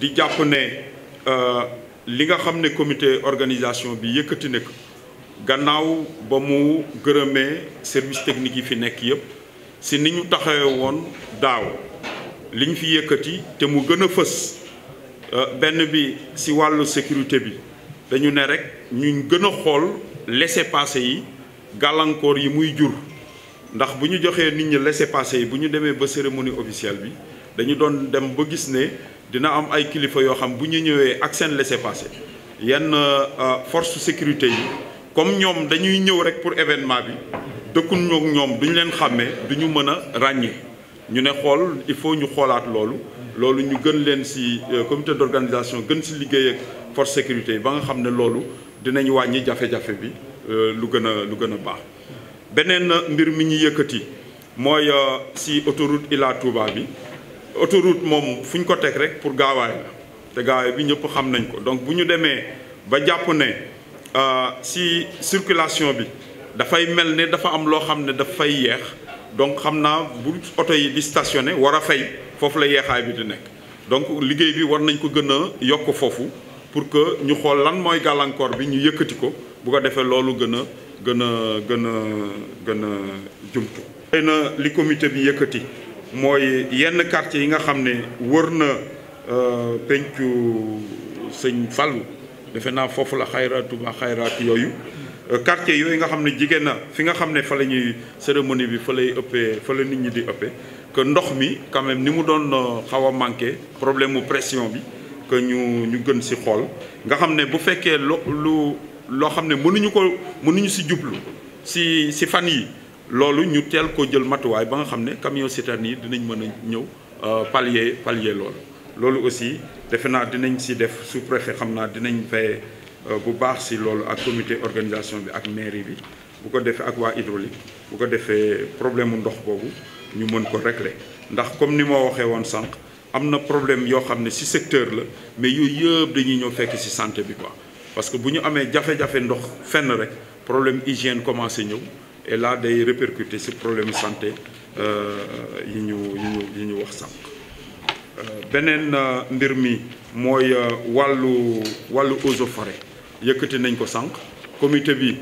di jàpp ne euh, li nga xam ne comité organisation bi yëkkati nekk gannaaw ba mu gërëmee service technique yi fi nekk yëpp si ni ñu taxawee woon daaw li ñu fi yëkkati te mu gën a fës euh, benn bi si wàllu sécurité bi dañu ne rek ñu gën a xool laissez-passer yi gàllankoor yi muy jur ndax bu ñu joxee nit ñi laissez-passer yi bu ñu demee ba cérémonie officielle bi dañu doon dem ba gis ne dina am ay kilifa yoo xam bu ñu ñëwee ak seen laissez-passer yenn euh, force sécurité yi comme ñoom dañuy ñëw rek pour événement bi dëkkun ñoog ñoom duñu leen xàmmee duñu mën a ràññ ñu ne xool il faut ñu xoolaat loolu loolu ñu gën leen ci euh, comité d'organisation gën ci liggéey ak force sécurité yi ba nga xam ne loolu dinañu wàññi jafe-jafe bi euh, lu gën a lu gën a baax beneen mbir mi ñu yëkkati mooy si autoroute Ila Touba bi autoroute moom fu ñu ko teg rek pour gaawaay la te gaawaay bi ñëpp xam nañ ko donc bu ñu demee ba jàpp ne euh, si circulation bi dafay mel ne dafa am loo xam ne dafay yeex donc xam naa bu oto yi di stationné war a fay foofu la yeexaay bi di nekk donc liggéey bi war nañ ko gën a yokk foofu pour que ñu xool lan mooy gàllankoor bi ñu yëkkati ko bu ko defee loolu gën a gën a gën a gën a jumtu. xëy li comité bi yëkkati. mooy yenn quartier yi nga xam ne wër na euh, pencu sëñ Fallou defe naa foofu la xayraatu ba xayraat yooyu euh, quartier yooyu nga xam ne jigéen na fi nga xam ne fa la ñuy cérémonie bi fa lay ëppee fa la nit ñi di ëppee que ndox mi quand ni mu doon euh, xaw a manqué problème mu pression bi que ñu ñu gën si xool nga xam ne bu fekkee lu loo xam ne mënuñu ko mënuñu si jublu si si fan yi loolu ñu teel koo jël matuwaay ba nga xam ne camion citerne yi dinañ mën a ñëw euh, pallier pallier lool loolu aussi defe naa dinañ si def sous préfet xam naa dinañ fay euh, bu baax si loolu ak comité organisation bi ak mairie bi bu ko defee ak waa hydraulique bu ko defee problème mu ndox boobu ñu mën ko régler ndax comme ni moo waxee woon sànq am na problème yoo xam ne si secteur la mais yooyu yëpp dañuy ñëw fekk si santé bi quoi parce que bu ñu amee jafe-jafe ndox fenn rek problème hygiène commencé ñëw et là day répercuter ci problème santé euh, yi ñu yi ñu yi ñu wax sànq euh, beneen euh, mbir mi mooy wàllu wàllu eaux et yëkkati nañ ko sànq comité bi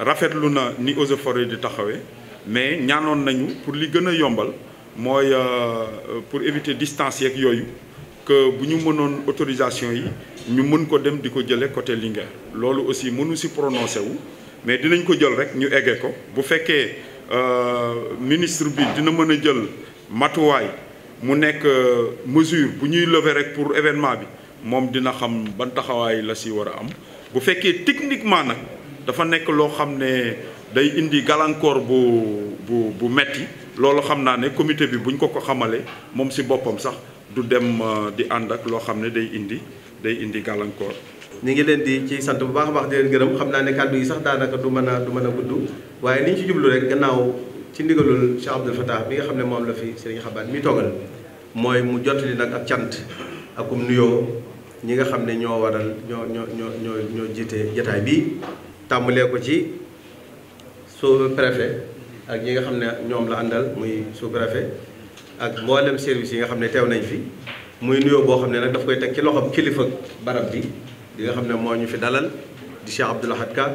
rafetlu na ni eaux et di taxawee mais ñaanoon nañu pour li gën a yombal mooy pour éviter distance yeeg yooyu que bu ñu mënoon autorisation yi ñu mën ko dem di ko jëlee côté Linguère loolu aussi mënu si prononcé wu mais dinañ ko jël rek ñu eggee ko bu fekkee euh, ministre bi dina mën a jël matuwaay mu nekk euh, mesure bu ñuy lever rek pour événement bi moom dina xam ban taxawaay la si war a am bu fekkee techniquement nag dafa nekk loo xam ne day indi gàllankoor bu bu bu metti loolu xam naa ne comité bi buñ ko ko xamalee moom si boppam sax du dem euh, di ànd ak loo xam ne day indi day indi gàllankoor ñu ngi leen di ci sant bu baax a baax di leen gërëm xam naa ne kàddu yi sax daanaka du mën a du mën a gudd waaye li ñu ci jublu rek gannaaw ci ndigalul Cheikh Abdoul Fatah bi nga xam ne moom la fi Serigne Xabaat mi toogal mooy mu jottali nag ak cant akum nuyoo ñi nga xam ne ñoo waral ñoo ñoo ñoo ñoo ñoo jiite bi tàmbalee ko ci sous-préfet ak ñi nga xam ne ñoom la àndal muy sous-préfet ak mboolem service yi nga xam ne teew nañ fi muy nuyoo boo xam ne nag daf koy teg ci loxoom kilifa barab bi li nga xam ne moo ñu fi dalal di Cheikh Abdou Lahad Ka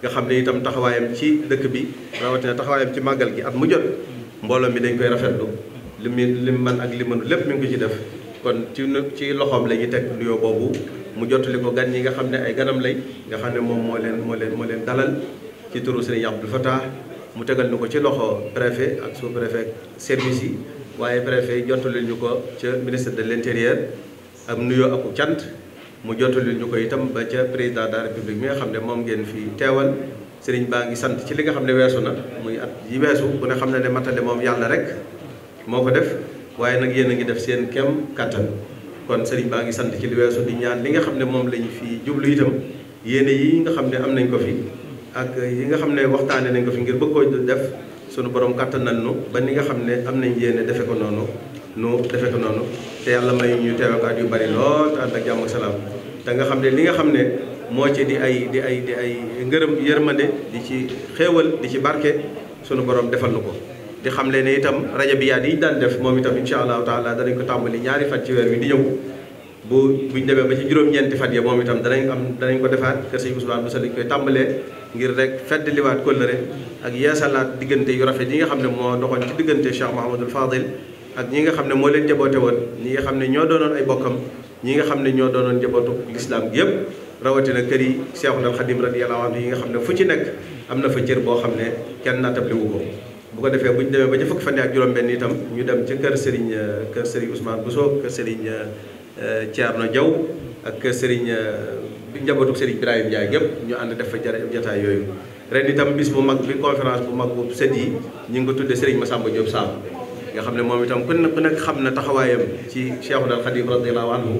nga xam ne itam taxawaayam ci dëkk bi rawatina taxawaayam ci màggal gi at mu jot mbooloo mi dañ koy rafetlu li mu li mu mën ak li mënu lépp mi ngi ko ci def kon ci ci loxoom la ñuy teg nuyoo boobu mu jottali ko gan yi nga xam ne ay ganam lay nga xam ne moom moo leen moo leen moo leen dalal ci turu Serigne Abdou Fatah mu tegal ñu ko ci loxo préfet ak sous préfet service yi waaye préfet jottali ñu ko ca ministre de ak nuyoo ak cant mu jottali ñu ko itam ba ca président de la république mi nga xam ne moom ngeen fii teewal sëriñ baa ngi sant ci li nga xam ne weesu nag muy at yi weesu bu ne xam ne ne matale moom yàlla rek moo ko def waaye nag yéen a ngi def seen kem kattan kon sëriñ baa ngi sant ci li weesu di ñaan li nga xam ne moom lañu fi jublu itam yéene yi nga xam ne am nañ ko fi ak yi nga xam ne waxtaane nañ ko fi ngir bëgg koo def sunu borom kattan nañ nu ba ni nga xam ne am nañ yéene defe ko noonu nu defe ko noonu te yàlla may ñu teew ak at yu bari lool te ànd ak jàmm salaam te nga xam ne li nga xam ne moo ci di ay di ay di ay ngërëm yërmande di ci xéewal di ci barke sunu borom defal na ko. di xam leen ne itam rajo bi yaa di def moom itam incha allahu taala danañ ko tàmbali ñaari fan ci weer wi di ñëw bu buñ demee ba ci juróom-ñeenti fan ya moom itam danañ am danañ ko defaat kër Sëñ Ousmane Moussa lañ koy tàmbalee ngir rek fedd liwaat kóllëre ak yeesalaat diggante yu rafet yi nga xam ne moo doxoon ci diggante Cheikh Mouhamadul ak ñi nga xam ne moo leen jaboote woon ñi nga xam ne ñoo doonoon ay bokkam ñi nga xam ne ñoo doonoon jabootu lislaam gi yëpp rawatina kër yi Seexul Xadim radiyallaahu anhu yi nga xam ne fu ci nekk am na fa cër boo xam ne kenn naatable wu ko bu ko defee bu ñu demee ba ca fukki fan ak juróom-benn itam ñu dem ca kër Serigne kër Serigne Ousmane Bousso kër Serigne eh, Thierno jaw ak kër Serigne eh, njabootu Serigne Ibrahima Ndiaye gépp ñu ànd def fa jataay yooyu ren itam bis bu mag bi conférence bu mag bu sët yi ñu ngi ko tuddee Serigne Massamba Diop Samb nga xam ne moom itam ku ne ku nekk xam na taxawaayam ci Cheikhul Khadim radiyallahu anhu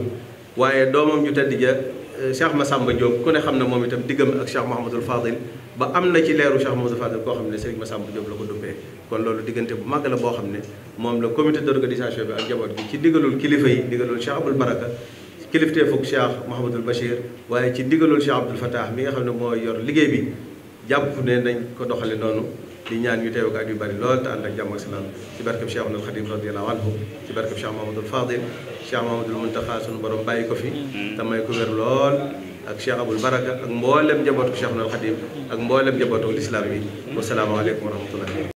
waaye doomam ju tedd ja ma eh, Massamba Diop ku ne xam na moom itam diggam ak Cheikh Mouhamadul Fadil ba am na ci leeru Cheikh Mouhamadul Fadil koo xam ne ma Massamba Diop la ko duppee kon loolu diggante bu màgg la boo xam ne moom la comité d'organisation bi ak njaboot gi ci digalul kilifa yi digalul Cheikh Abul Baraka kilifteefug Cheikh Mouhamadul Bachir waaye ci digalul Cheikh Abdoul Fatah mi nga xam ne moo yor liggéey bi jàpp ne nañ ko doxale noonu di ñaan ñu teew ko at yu bari lool te ànd ak jàmm ak salaam ci barkeb Cheikh Ahmadul Xadim radiyallahu anhu ci barkeb Cheikh Mahamadul Fadil Cheikh borom bàyyi ko fi te may ko wér lool ak Cheikh Abul Baraka ak mboolem njabootu Cheikh Ahmadul Xadim ak mboolem njabootu lislaam yi wasalaamaaleykum wa rahmatullah